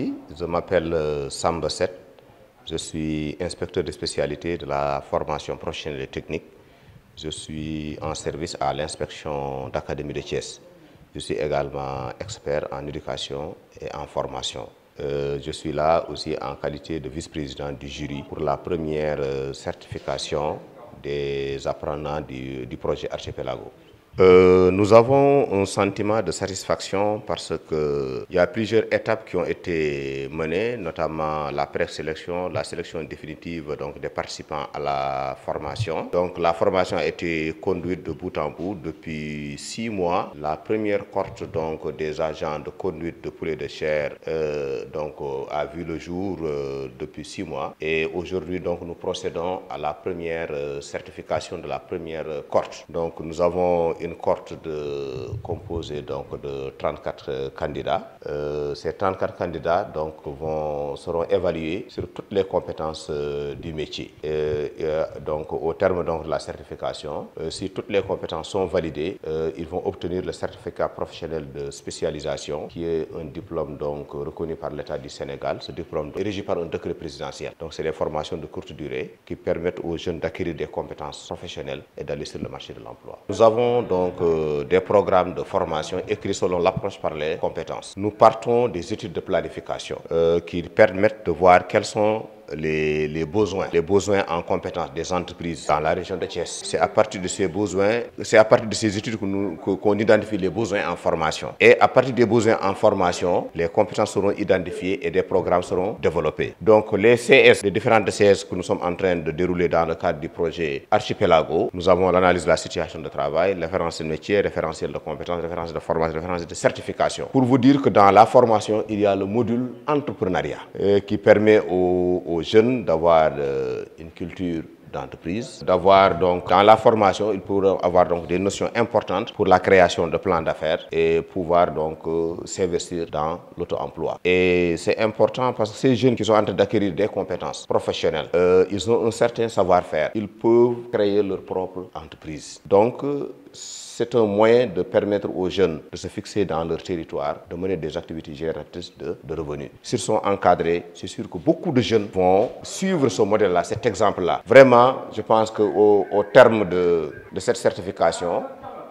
merci. Je m'appelle euh, Sam Besset. Je suis inspecteur de spécialité de la formation professionnelle et technique. Je suis en service à l'inspection d'Académie de Thiès. Je suis également expert en éducation et en formation. Euh, je suis là aussi en qualité de vice-président du jury pour la première euh, certification des apprenants du, du projet Archipelago. Euh, nous avons un sentiment de satisfaction parce qu'il y a plusieurs étapes qui ont été menées, notamment la présélection, la sélection définitive donc, des participants à la formation. Donc la formation a été conduite de bout en bout depuis six mois. La première corte donc, des agents de conduite de poulet de chair euh, donc, euh, a vu le jour euh, depuis six mois. Et aujourd'hui, donc, nous procédons à la première euh, certification de la première cohorte. Donc nous avons une cohorte de, donc de 34 euh, candidats. Euh, ces 34 candidats donc, vont, seront évalués sur toutes les compétences euh, du métier. Et, euh, et, euh, donc, au terme donc, de la certification, euh, si toutes les compétences sont validées, ils vont spécialisation, qui est un diplôme donc, reconnu par l'État du Sénégal. de courte durée qui des compétences professionnelles et d'aller sur le marché donc euh, des programmes de formation écrits selon l'approche par les compétences. Nous partons des études de planification euh, qui permettent de voir quels sont les, les besoins, les besoins en compétences des entreprises dans la région de Thiès. C'est à partir de ces besoins, c'est à partir de ces études qu'on identifie les besoins en formation. Et à partir des besoins en formation, les compétences seront identifiées et des programmes seront développés. Donc les CS, que nous sommes en train de dérouler dans le cadre du projet Archipelago, nous avons l'analyse de la situation de travail, référence de métier, référentiel de compétences, référence de formation, aux jeunes d'avoir euh, une culture d'entreprise, d'avoir donc dans la formation, ils pourront avoir donc des notions importantes pour la création de plans d'affaires et pouvoir donc euh, s'investir dans l'auto-emploi. Et c'est important parce que ces jeunes qui sont en train d'acquérir des compétences professionnelles, euh, ils ont un certain savoir-faire, ils peuvent créer leur propre entreprise. Donc euh, c'est un moyen de permettre aux jeunes de se fixer dans leur territoire, de mener des activités génératrices de, de revenus. S'ils sont encadrés, c'est sûr que beaucoup de jeunes vont suivre ce modèle-là, cet exemple-là. Vraiment, je pense qu'au au terme de, de cette certification,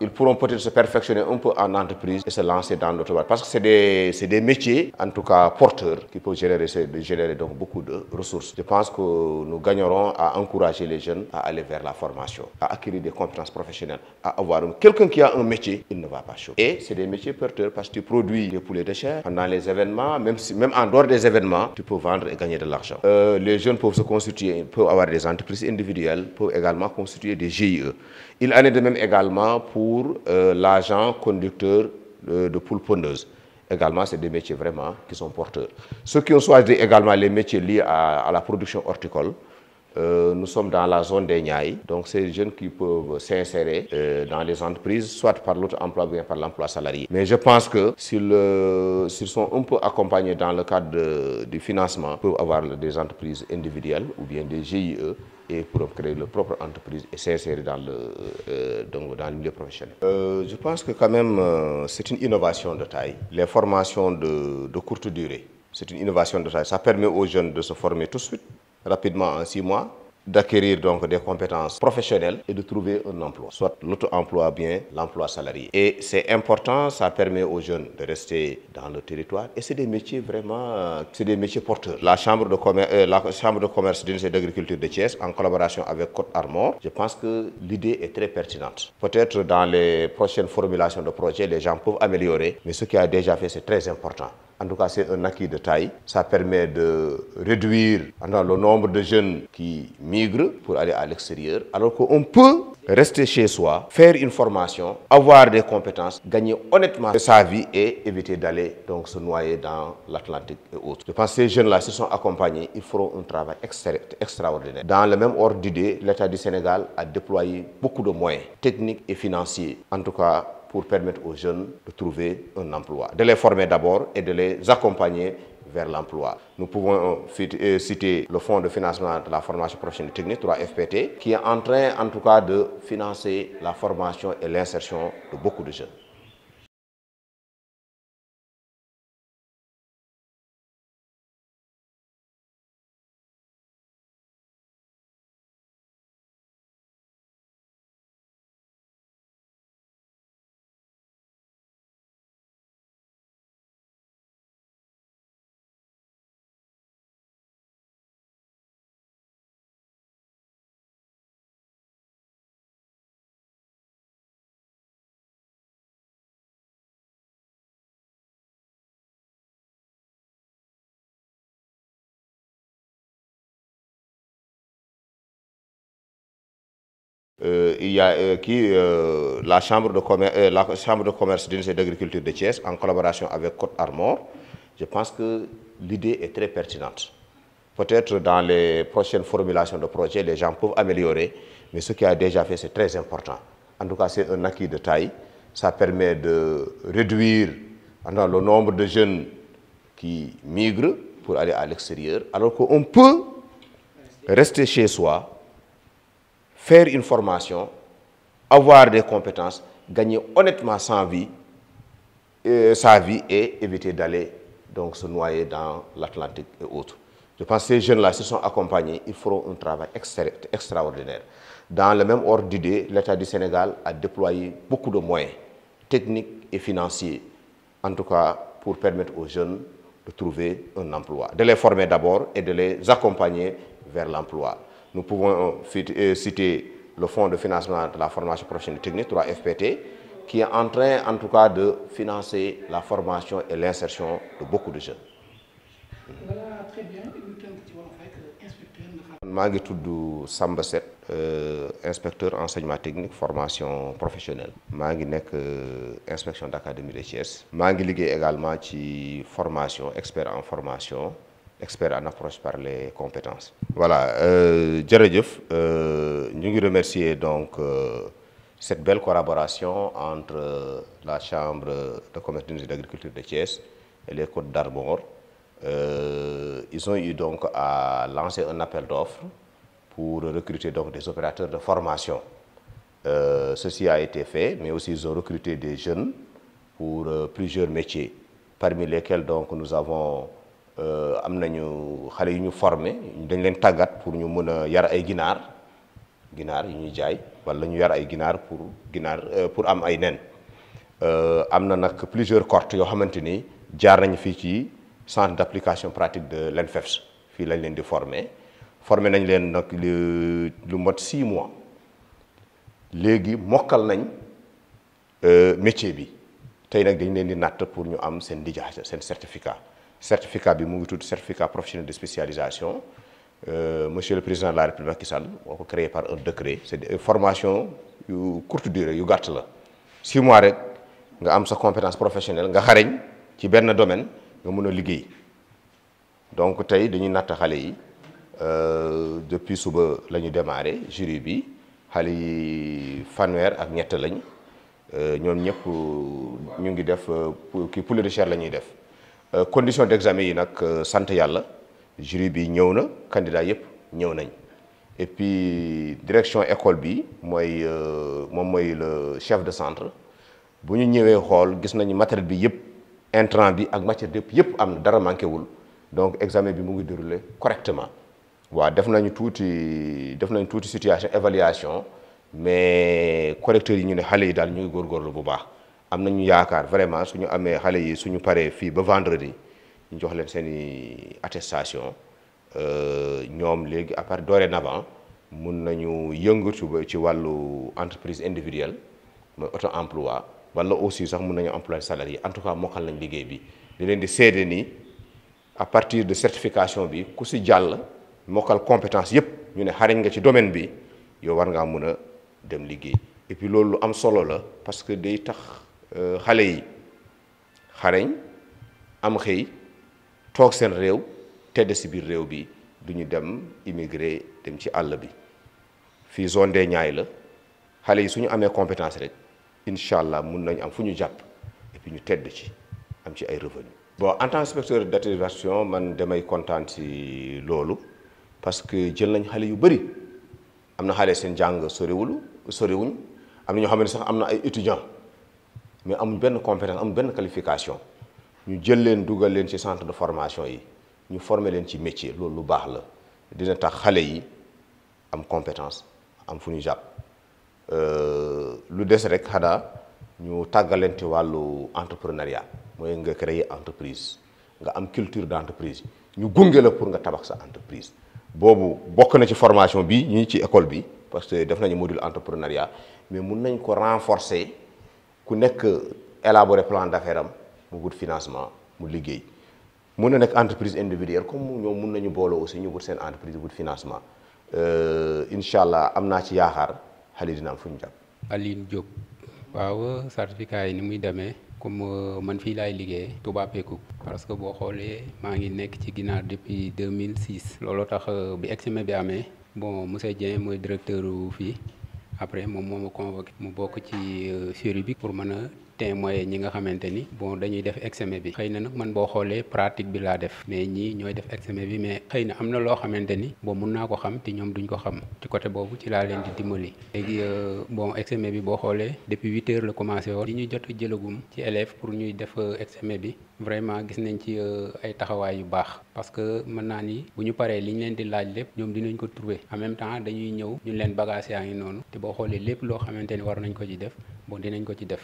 ils pourront peut-être se perfectionner un peu en entreprise et se lancer dans l'automobile. Parce que c'est des, métiers, en tout cas porteurs, qui peuvent générer, donc beaucoup de ressources. Je pense que nous gagnerons à encourager les jeunes à aller vers la formation, à acquérir des compétences professionnelles, à avoir quelqu'un qui a un métier, il ne va pas chauffer. Et c'est des métiers porteurs parce que tu produis des poulets de chair pendant les événements, en dehors des événements, tu peux vendre et gagner de l'argent. Euh, les jeunes e. en est de même pour euh, l'agent conducteur de, euh, de poule pondeuse. Également, c'est des métiers vraiment qui sont porteurs. Ceux qui ont choisi également les métiers liés à, à la production horticole, Euh, nous sommes dans la zone des Niayes. Donc, c'est des jeunes qui peuvent s'insérer euh, dans les entreprises, soit par l'autre emploi, bien par l'emploi salarié. Mais je pense que s'ils euh, sont un peu accompagnés dans le cadre du financement, peuvent avoir des entreprises individuelles ou bien des GIE et pour créer leur propre entreprise et s'insérer dans, le, euh, donc dans le milieu professionnel. Euh, je pense que quand même, euh, c'est une innovation de taille. Les formations de, de courte durée, c'est une innovation de taille. jeunes de se former rapidement en six mois d'acquérir donc des compétences professionnelles et de trouver un emploi, soit l'auto-emploi bien l'emploi salarié. Et c'est important, ça permet aux jeunes de rester dans le territoire et c'est des métiers euh, porteurs. La chambre de commerce, euh, la chambre de commerce d'unité d'agriculture de en collaboration avec Côte Armor, je pense que l'idée est très pertinente. Peut-être dans les prochaines formulations de projets, les gens peuvent améliorer, mais ce important. En tout cas, c'est un acquis de taille. Ça permet de réduire le nombre de jeunes qui migrent pour aller à l'extérieur, alors qu'on peut rester chez soi, faire une formation, avoir des compétences, gagner honnêtement sa vie et éviter d'aller donc se noyer dans l'Atlantique et autres. Je pense que ces jeunes-là se sont accompagnés, ils feront un travail extraordinaire. Dans le même ordre d'idée, l'État du Sénégal a déployé beaucoup de moyens techniques et financiers, tout cas pour permettre aux jeunes de trouver un emploi, de les former d'abord et de les accompagner vers l'emploi. Nous pouvons euh, euh, citer le Fonds de financement de la formation professionnelle technique, 3FPT, qui est en train en tout cas de financer la formation et l'insertion de beaucoup de jeunes. Euh, il y euh, euh, la, chambre de commerce, euh, la chambre de commerce d'unité d'agriculture de Thiès, en collaboration avec Côte Armor, je pense que l'idée est très pertinente. Peut-être dans les prochaines formulations de projets, les gens peuvent améliorer, mais ce qui a déjà fait, c'est très important. En tout cas, c'est un acquis de taille. Ça permet de réduire le nombre de jeunes qui migrent pour aller à l'extérieur, alors qu'on peut rester chez soi, faire une formation avoir des compétences gagner honnêtement sa vie euh, sa vie et éviter d'aller donc se noyer dans l'Atlantique et autres je pense que ces jeunes-là se sont accompagnés ils feront un travail extra extraordinaire dans le même ordre d'idée l'État du Sénégal a déployé beaucoup de moyens techniques et financiers en tout cas pour permettre aux jeunes de trouver un emploi de les former d'abord et de les accompagner vers l'emploi Nous pouvons euh, euh, citer le Fonds de financement de la formation professionnelle technique, 3FPT, qui est en train en tout cas de financer la formation et l'insertion de beaucoup de jeunes. maa ngi tudd Samba Set euh, inspecteur enseignement technique formation professionnelle. maa ngi nekk inspection d'académie de Thiès. maa ngi liggéey également ci formation expert en formation. expert en approche par les compétences. Voilà, euh, Djeredjef, euh, nous remercions donc euh, cette belle collaboration entre euh, la Chambre de commerce et d'agriculture de Thiès et les Côtes d'Armor. Euh, ils ont eu donc à lancer un appel d'offres pour recruter donc des opérateurs de formation. Euh, ceci a été fait, mais aussi ils ont recruté des jeunes pour euh, plusieurs métiers, parmi lesquels donc nous avons am nañu xale yu ñu formé dañ leen tàggat pour ñu mën a yar ay ginaar ginaar yu ñuy jaay wala ñu yar ay ginaar pour ginaar euh, pour am ay nen euh, am na nag plusieurs cohortes yoo xamante ni jaar nañu fii ci centre d' application pratique de l'ENFEPS fii lañ leen di formé formé nañ leen nag lu mot six mois léegi mokkal nañ euh, métier bi tey nag dañ leen di natt pour ñu am seen lijaasa seen certificat certificat bi mu ngi tudd certificat professionnel de spécialisation euh, monsieur le président de la république Macky Sall moo ko créé par un décret. c'est des formation yu courte durée yu gàtt la six mois rek nga am sa compétence professionnelle nga xareñ ci benn domaine nga mun a liggéey donc tey dañuy natt xale yi euh, depuis suba la ñu démarré jury bi xale yi fanweer ak ñett lañ euh, ñoom ñëpp ñu ngi def kii poulet de chair la ñuy def. Euh, condition d'examen yi nag euh, sant yàlla jury bi ñëw na candidat yëpp ñëw nañ et puis direction école bi mooy euh, moom mooy le chef de centre bu ñu ñëwee xool gis nañu matériel bi yëpp intrant bi ak matière yëpp yëpp am na dara manqué wul donc examen bi mu ngi déroulé correctement waaw def nañu tuuti def nañu tuuti situation évaluation mais correcteur yi ñu ne xale yi daal ñu ngi góorgóorlu bu baax am ñu yaakaar vraiment ñu amee xale yi suñu paree fii ba vendredi ñu jox leen seen i attestation euh, ñoom léegi à part dorénavant mun nañu yëngatu ba ci wàllu entreprise individuelle mooy auto emploi walla aussi sax mun nañu emploi salarié en tout cas mokkal nañ liggéey bi li leen di seede nii à partir de certification bi ku si jàll mokkal compétence yépp ñu ne xariñ nga ci domaine bi yow war ngaa mun a dem liggéey et loolu lu am solo la parce que day tax Euh, xale yi xareñ am xëy toog seen réew tedd si biir réew bi duñu dem immigré dem ci àll bi fii zone des ñaay la xale yi suñu amee compétence rek incha allah mun nañu am fu ñu jàpp et ñu tedd ci am ci ay revenu bon en tant qu'inspecteur d'attribution man damay kontaan ci loolu parce que jël nañ xale yu bëri am na xale seen jàng soriwul soriwuñ am na ñoo xam ne sax am na ay étudiants mais amuñ benn compétence amuñ benn qualification ñu jël leen dugal leen ci centre de formation yi ñu former leen ci métier loolu lu baax la dina tax xale yi am compétence am fu ñu jàpp euh, lu des rek xanaa ñu tàggaleen ci wàllu entrepreneuriat mooy nga yi entreprise nga am culture d'entreprise ñu gunge la pour nga tabax sa entreprise boobu bokk na ci formation bi ñu ci école bi parce que def nañu module entrepreneuriat mais mun nañ ko renforcer ku nekk élaborer plan d'affaires am mu wut financement mu liggéey mun na nekk entreprise individuelle comme ñoom mun nañu boole aussi ñu wut seen entreprise wut financement euh, incha allah am naa ci yaakaar xale dina am fu ñu jàpp. Aline Diop waaw certificat yi ni muy demee. comme euh, man fii laay liggéey tubaab Pékou parce que boo xoolee maa ngi nekk ci Ginaar depuis 2006 looloo tax euh, bi examen bi amee bon monsieur Dieng mooy directeur fii après moom moom ma convoqué mu bokk ci jury euh, bi pour mën a témoigner ñi nga xamante ni bon dañuy def examen bi xëy na nag man boo xoolee pratique bi laa def mais ñii ñooy def examen bi mais xëy na am na loo xamante ni bon mun naa ko xam te ñoom duñ ko xam ci côté boobu ci laa leen di dimbali. léegi euh, bon examen bi boo xoolee depuis huit heures la commencé woon li ñu jot a jëlagum ci élèves pour ñuy def euh, examen bi. vraiment gis nañ ci euh, ay taxawaay yu baax parce que mën naa ni bu ñu paree li ñu leen di laaj lépp ñoom dinañ ko trouver en même temps dañuy ñëw ñu leen bagage yaa ngi noonu te boo xoolee lépp loo xamante ni war nañ ko ci def bon dinañ ko ci def